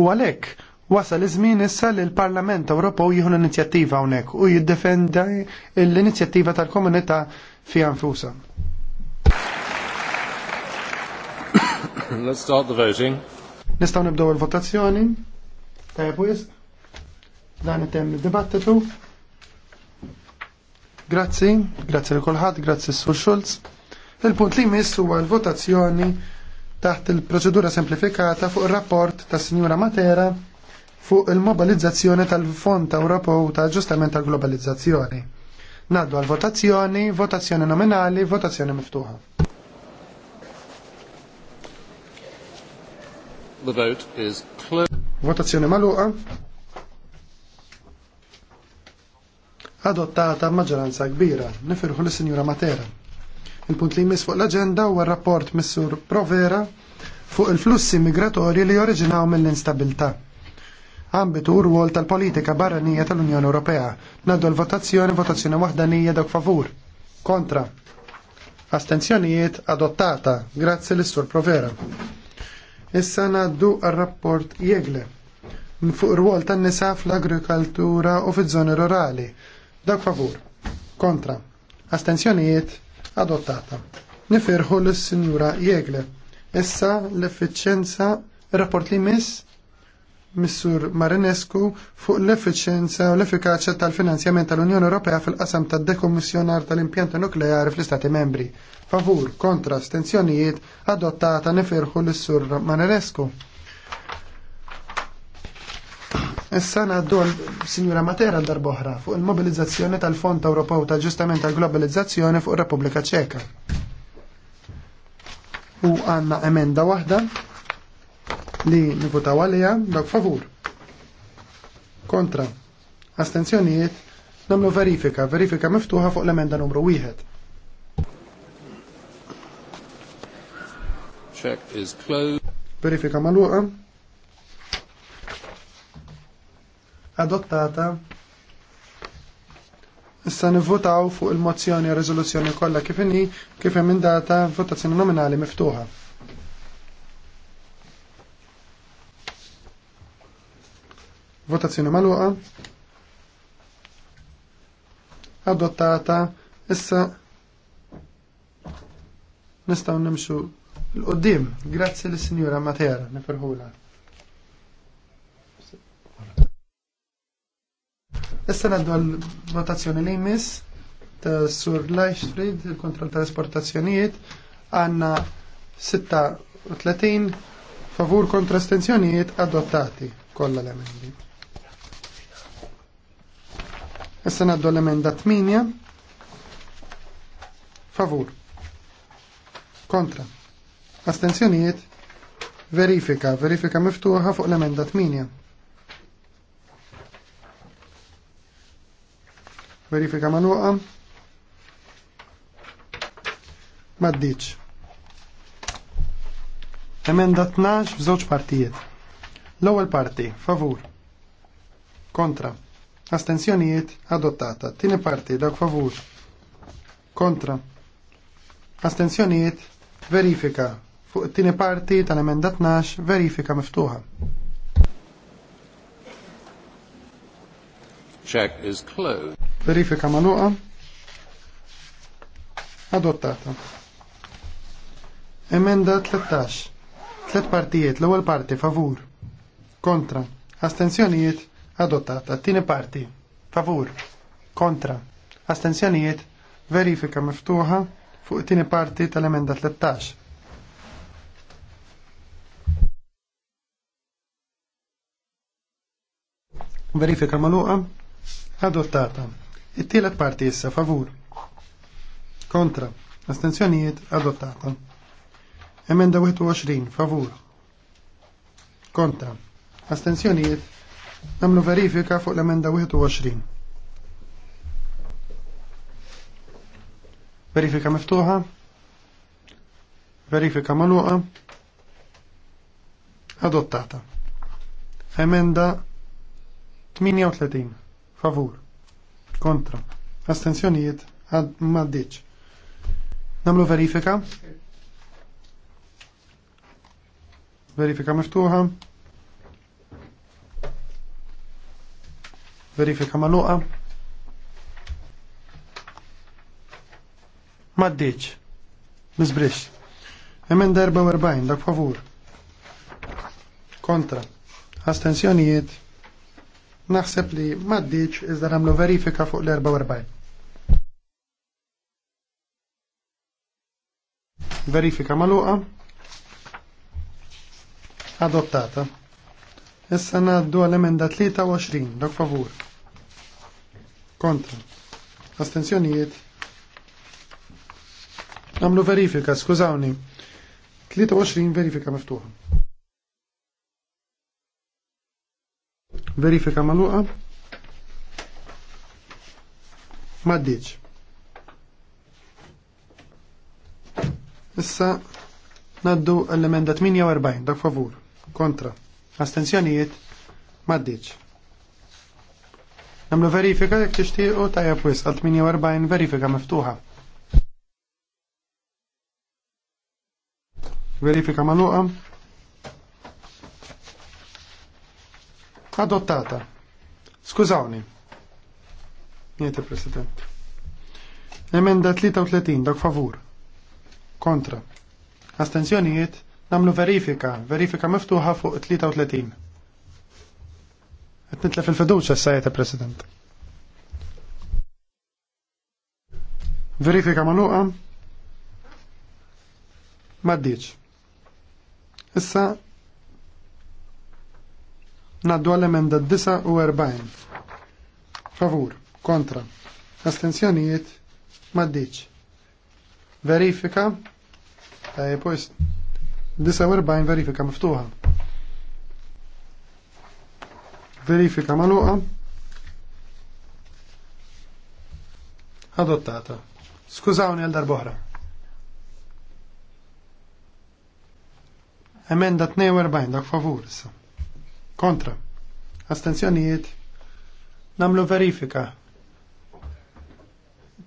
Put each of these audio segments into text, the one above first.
U għalhekk wasal li żmien issa li l-Parlament Ewropew jieħu l-inizjattiva hawnhekk u jiddefenda l-inizjattiva tal-komunità fiha nfusa. Let's start the voting. Nistgħu nibdew il-votazzjoni. Tajjeb wis. Dan itemm id-dibattitu. Grazzi, grazzi lil kulħadd, grazzi Sur Schulz. Il-punt li jmiss huwa l-votazzjoni taħt il-proċedura semplifikata fuq ir-rapport tas Sinjura Matera fuq il-mobilizzazzjoni tal-Fond Ewropew ta' ġustament tal-Globalizzazzjoni. Naddu għal votazzjoni, votazzjoni nominali, votazzjoni miftuħa. The vote is Votazzjoni maluqa. Adottata maġġoranza kbira. Nifirħu l-Sinjura Matera. Il-punt li jmiss fuq l-agenda huwa rapport Missur Provera fuq il-flussi migratorji li oriġinaw mill-instabilità. Ambitu rwol tal-politika barranija tal-Unjoni Ewropea. Naddu l-votazzjoni, votazzjoni waħdanija dak favur. Kontra. Astenzjonijiet adottata. Grazzi l-Sur Provera. Issa naddu għal-rapport Jegle fuq rwol tan-nisa fl-agrikoltura u fiż-żoni rurali. Dak favur. Kontra. Astenzjonijiet adottata. Niferħu l-Sinjura Jegle. Essa l efficienza rapport li miss Missur Marinescu fuq l efficienza u l-effikaċja tal-finanzjament tal-Unjoni Ewropea fil-qasam tad dekommissjonar tal-impjanti nukleari fl-Istati membri. Favur, kontra, stenzjonijiet adottata niferħu l-Sur Marinescu. Issa ngħaddu Sinjura Matera darboħra fuq il-mobilizzazzjoni tal-Fond Ewropew ta' Ġustament tal-Globalizzazzjoni fuq ir-Repubblika Ċeka. U għandna emenda waħda li nivutaw għalija dak favur. Kontra. Astenzjonijiet nagħmlu verifika, verifika miftuħa fuq l-emenda numru wieħed. Check is closed. Verifika maluqa. adottata. Issa nivvotaw fuq il-mozzjoni u riżoluzzjoni kollha kif inhi kif hemm indata votazzjoni nominali miftuħa. Votazzjoni magħluqa. Adottata issa nistgħu nimxu l-qoddim. Grazzi lis-Sinjura Matera, nifirħula. Issa naddu għal-votazzjoni li jmiss ta' Sur Leichfried, il-kontrol ta' esportazzjonijiet, għanna 36 favur kontra estensjonijiet adottati kollha l-emendi. Issa naddu l-emenda 8 favur kontra astensjonijiet verifika, verifika miftuħa fuq l-emenda 8. Verifika maluqa. Maddiċ. Emenda 12 f'żewġ partijiet. L-ewwel parti, favur. Kontra. Astenzjonijiet adottata. Tieni parti dak favur. Kontra. Astenzjonijiet verifika fuq it-tieni parti tal-emenda 12 verifika miftuħa. Check is closed. Verifika maluqa. Adottata. Emenda 13. Tlet partijiet, l-ewwel parti favur. Kontra. Astenzjonijiet adottata. Tieni parti. Favur. Kontra. Astenzjonijiet verifika miftuħa fuq tieni parti tal-emenda 13. Verifika maluqa adottata. It-tielet parti issa favur. Kontra. Astenzjonijiet adottata. Emenda 21 favur. Kontra. Astenzjonijiet namlu verifika fuq l-emenda 21. Verifika miftuħa. Verifika maluqa. Adottata. Emenda 38 favur kontra. Astenzjonijiet għad maddiċ. Namlu verifika. Verifika miftuħa. Verifika maluqa. Maddiċ. Mizbrix. Emen darba 40, dak favur. Kontra. Astenzjonijiet Naħseb li maddiċ iżda nagħmlu verifika fuq l-44. Verifika maluqa. Adottata. Issa naddu għal-emenda 23, dok favur. Kontra. Astenzjonijiet. Namlu verifika, skużawni. 23 verifika miftuħa. Verifika maluqa. Maddiċ. Issa naddu l-emenda 48, da favur. Kontra. Astenzjonijiet. Maddiċ. Namlu verifika jek tixtiequ tajab wis għal 48 verifika miftuħa. Verifika maluqa. adottata. Skużawni. Niente, President. Emenda 33, dak favur. Kontra. Astenzjonijiet, namlu verifika, verifika miftuħa fuq 33. Etnitlef il fil-fiduċa sajeta President. Verifika maluqa. Maddiċ. Issa Naddu għall-emenda 49. Favur, kontra. Astenzjonijiet, maddiċ. Verifika, taj post. 49 verifika miftuħa. Verifika maluqa. Adottata. Skużawni għal darbohra. Emenda 42, dak favur sa. Kontra. Astenzjonijiet. Namlu verifika.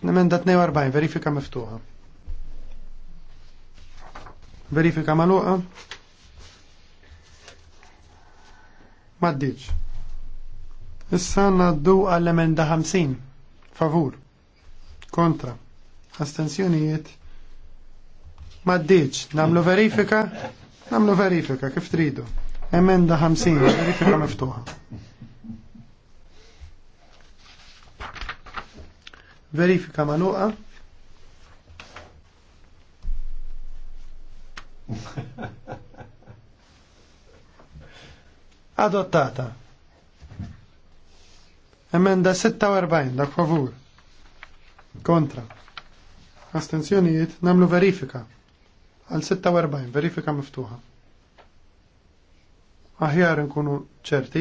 Nemenda 42, verifika miftuħa. Verifika maluqa. Maddiċ. Issa naddu għall-emenda 50. Favur. Kontra. Astenzjonijiet. Maddiċ. Namlu verifika? Namlu verifika, kif tridu. Emenda 50, verifika miftuħa. Verifika maluqa. Adottata. Emenda 46, dak favur. Kontra. Astenzjoniet? namlu verifika. Al 46, verifika miftuħa. Aħjar nkunu ċerti,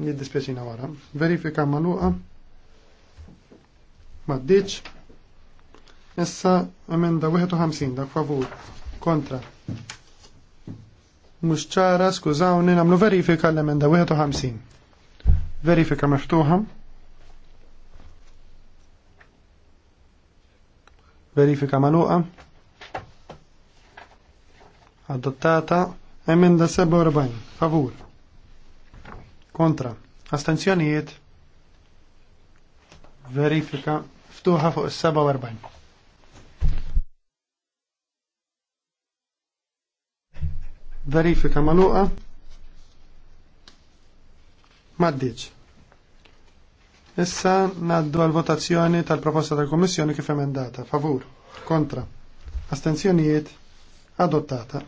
jiddispjaċina wara. Verifika maluqa, maddiċ, issa emenda 51 dak favur, kontra. Mux ċara, skużawni, namlu verifika l-emenda 51. Verifika meftuħa. Verifika maluqa. Adottata. Emenda 47, favur. Kontra. Astenzjonijiet. Verifika ftuħa fuq is-47. Verifika maluqa. Maddiċ. Issa naddu għal votazzjoni tal-proposta tal-Kommissjoni kif emendata. Favur. Kontra. Astenzjonijiet. Adottata.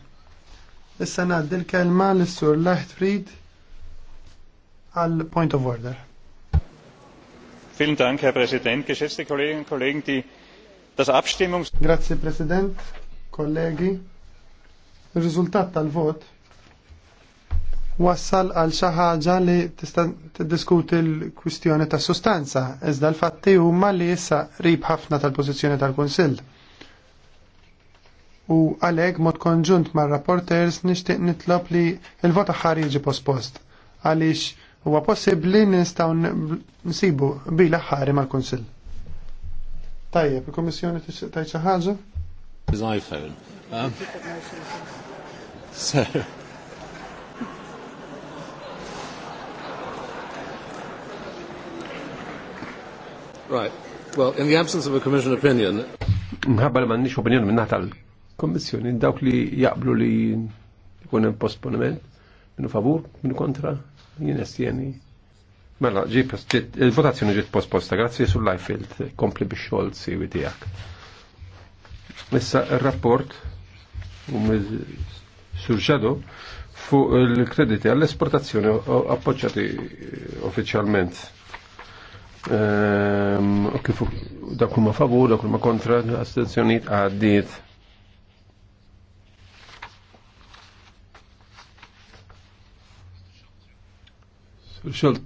Issa ngħaddi l-kelma lis-sur Leichtfried għal point of order. Vielen Dank, Herr Präsident, geschätzte Kolleginnen und Kollegen, die das Abstimmungs... Grazie, Präsident, kollegi. Rizultat riżultat tal-vot wassal għal xi ħaġa li t-diskuti l-kwistjoni tas sustanza, iżda l-fatti huma li issa rib ħafna tal-pożizzjoni tal-Kunsill u għalhekk mod konġunt mar-rapporters nixtieq nitlob li l-vota ħar jiġi pospost għaliex huwa possibbli nistgħu nsibu bila ħari mal-Kunsill. Tajjeb, il komissjoni tajċa xi His iPhone. Um, so. Right. Well, in the absence of a commission opinion. Mħabba li kommissjoni dawk li jaqblu li jkun hemm postponiment minnu favur, minnu kontra, jien estjeni. Mela, il-votazzjoni ġiet posposta, grazzi sul Lifefield, kompli biex xogħol siwi tiegħek. Messa il rapport um surġadu, fu il-krediti għall-esportazzjoni appoġġjati eh, uffiċjalment. Ok, ehm, fu dak ma favur, dak ma kontra, astenzjonijiet għaddiet. Xult.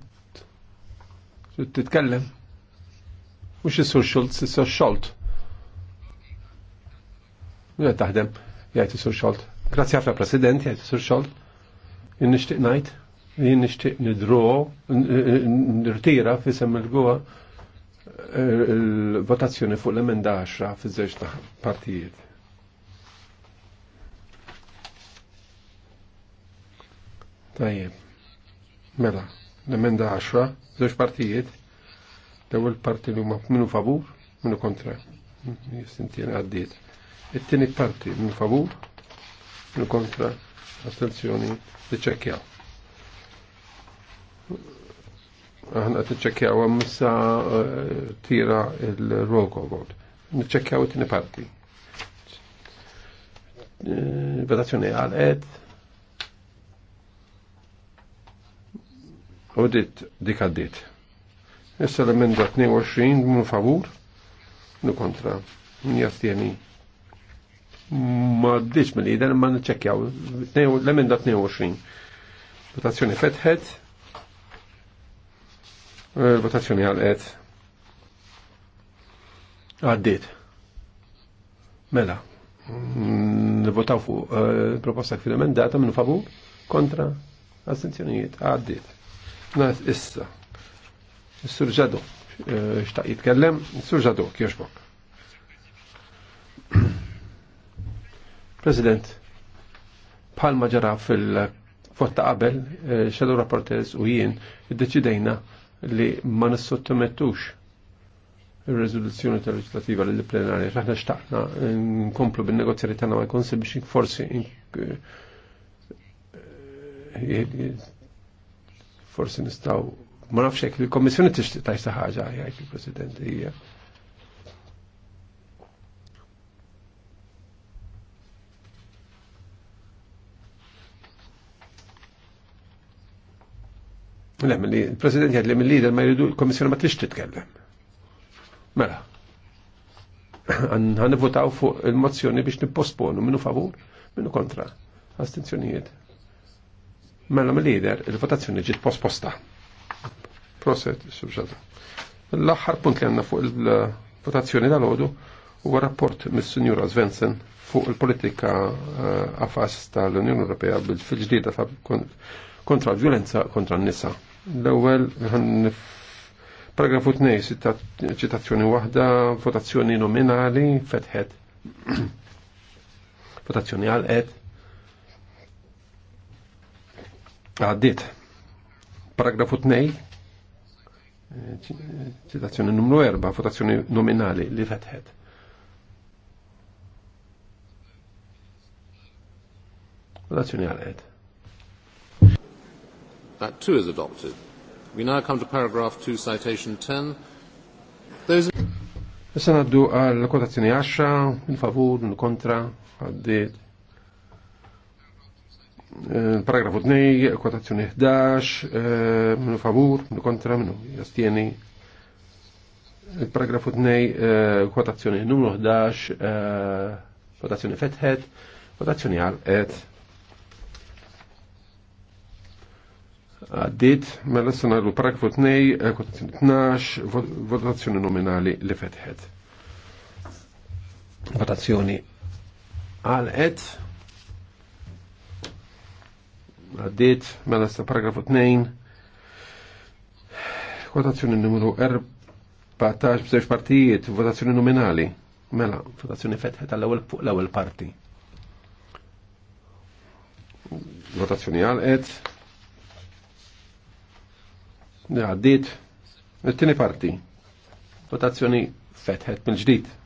Xult titkellem. Mux jisur xult, jisur xult. Muna mela taħdem, jgħajt jisur xult. Grazie għafna president, jgħajt jisur xult. Jinnishtiq najt, jinnishtiq nidro, nirtira fissem il-għuwa il-votazzjoni fuq l-emenda 10 fiż-żewġ ta' partijiet. Tajjeb. Mela, l-emenda 10, żewġ partijiet, l-ewwel parti li huma minnu favur, minnu kontra. Jistintien għaddiet. It-tieni parti minnu favur, minnu kontra, astenzjoni tiċċekkja. Aħna tiċċekkjaw missa eh, tira il-roll call vote. Niċċekkjaw it-tieni parti. Eh, votazzjoni għal ed U dit dik għaddit. Issa l-emenda 22 minn favur nu kontra min jastjeni. Ma ddiċ mill lider ma nċekjaw l-emenda 22. Votazzjoni fetħet. E, votazzjoni għal-et. Għaddit. Mela. Votaw fu e, proposta kif il-emenda, ta' minn favur kontra astenzjonijiet. Għaddit. Nas issa. Surġadu. sur eh, xtaq jitkellem, Surġadu. sur kjoxbok. President, bħalma ġara fil Fotta qabel, xadu eh, rapportez u jien, id-deċidejna li ma nissottomettux il-rezoluzzjoni tal-leġislativa l plenarja Raħna xtaqna nkomplu bil negozjari tagħna ma jkunx biex forsi eh, forsi nistaw ma nafx hekk il-Kommissjoni tixtieq tajsa ħaġa jgħid il-President hija. Le, il-President jgħid li mill leader ma jridu l kommissjoni ma tixtieq titkellem. Mela. Għan votaw fuq il-mozzjoni biex nipposponu minnu favur, minnu kontra. Astenzjonijiet. Mela mill-lider, il-votazzjoni ġiet posposta. Proset, subġata. L-aħħar punt li għanna fuq il-votazzjoni tal-ħodu huwa rapport mis sunjura Svensen fuq il-politika għafas eh, tal-Unjoni Ewropea fil-ġdida kontra l-violenza kontra n-nisa. L-ewwel paragrafu 2 ċitazzjoni waħda, votazzjoni nominali fetħed. Votazzjoni għal-qed Għaddit. Paragrafu 2. Citazzjoni numru 4, votazzjoni nominali li fetħed. Votazzjoni għalħed. That too is adopted. We now come to paragraph 2, citation 10. Those... Issa naddu għal kotazzjoni 10, in favur, in kontra, għaddit. Eh, paragrafu 2, kotazzjoni 11, eh, minu favur, minu kontra, minu jastieni. Eh, paragrafu 2, kotazzjoni numru 11, votazzjoni fethet, votazzjoni għal-et. Għaddit, mela s-sanar paragrafu 2, kotazzjoni 12, votazzjoni nominali li fethet. Votazzjoni għal-et għaddit, mela sta paragrafu 2, kwotazzjoni numru 14 b'żewġ partijiet, votazzjoni nominali, mela, votazzjoni fetħet għall-ewwel fuq l-ewwel parti. Votazzjoni għalqet, għaddit, it-tieni parti, votazzjoni fetħet mill-ġdid.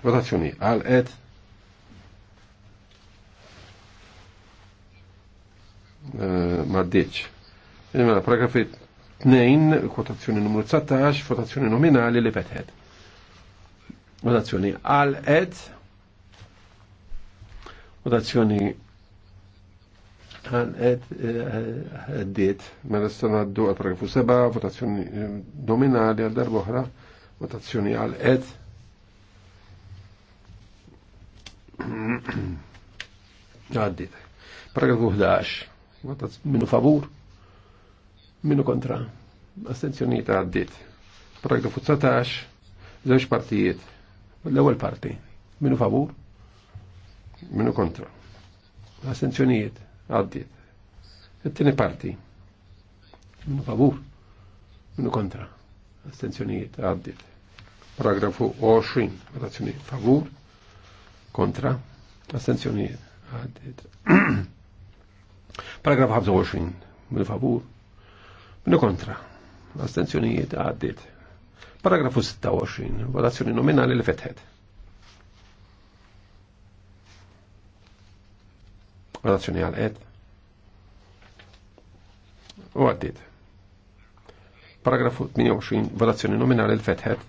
Votazzjoni għalqet, Eh, maddiċ. Mela, paragrafi 2, kwotazzjoni numru 19, votazzjoni nominali li fetħed. Votazzjoni għal ed votazzjoni għal ed eh, għeddiet, mela s għaddu għal paragrafu 7, votazzjoni eh, nominali għal darboħra, oħra, għal ed għaddit. Paragrafu 11. Minnu favur, minnu kontra. Astenzjoniet għaddit. Paragrafu 19, zewġ partijiet. l ewel parti. Minnu favur, minnu kontra. Astenzjoniet għaddit. Il-tini parti. Minnu favur, minnu kontra. Astenzjoniet għaddit. Paragrafu 20, votazzjoni favur, kontra, astenzjoniet għaddit. Paragraf 25. Minu favur. Minu kontra. Astenzjonijiet għaddit. Paragrafu 26. Votazzjoni nominali li fetħet. Votazzjoni għal-ed. U għaddit. Paragrafu 28. Votazzjoni nominali li fetħet.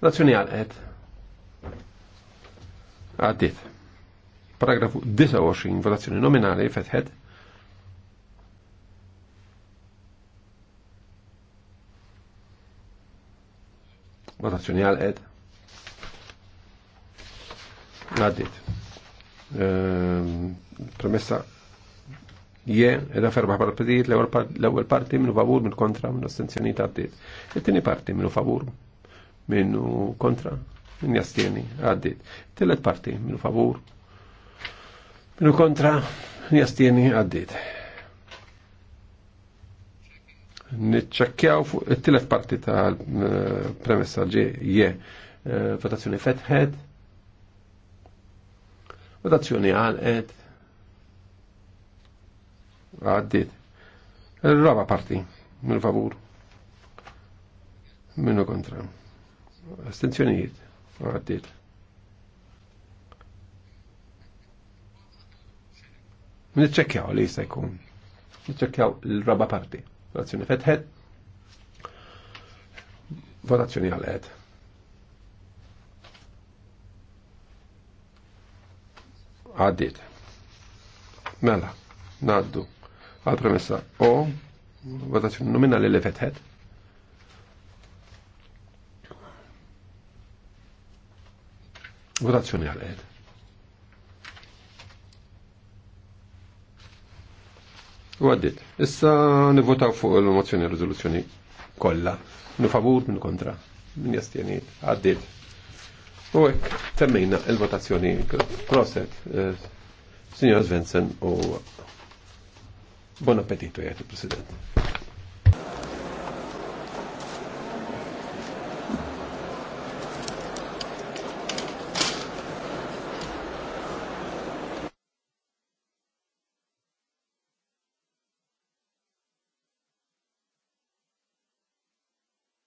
Votazzjoni għal-ed. Għaddit. Paragrafu 29, votazzjoni nominali, fetħed. Votazzjoni għal-ed. Għaddit. Ehm, premessa je, edha ferba partijiet l-ewel parti minnu favur, minn kontra, minn astenzjoni ta' għaddit. Il-tini parti minnu favur, minnu kontra, Njastieni jastieni, għaddit. Tillet parti, minu favur, minu kontra, min jastieni, għaddit. Nitċekkjaw fuq it-tillet parti tal-premessa eh, ġe je eh, votazzjoni fetħed, votazzjoni għalqed, għaddit. Il-raba parti, minu favur, minu kontra. Astenzjonijiet. Għaddit. Nitċekjaw li jista' jkun. Nitċekjaw l-raba parti. Votazzjoni fetħed. Votazzjoni għal-ed. Għaddit. Mela, naddu. Għal premessa O, votazzjoni nominali li fetħed. Votazzjoni għal-ed. U għaddit. Issa nivotaw fuq il mozzjoni e rizoluzzjoni kolla. Minu favur, minu kontra. Min jastjeni. Għaddit. U għek, temmejna il-votazzjoni. Proset. Eh, Signor Svensen u Buon appetito jgħet il-President.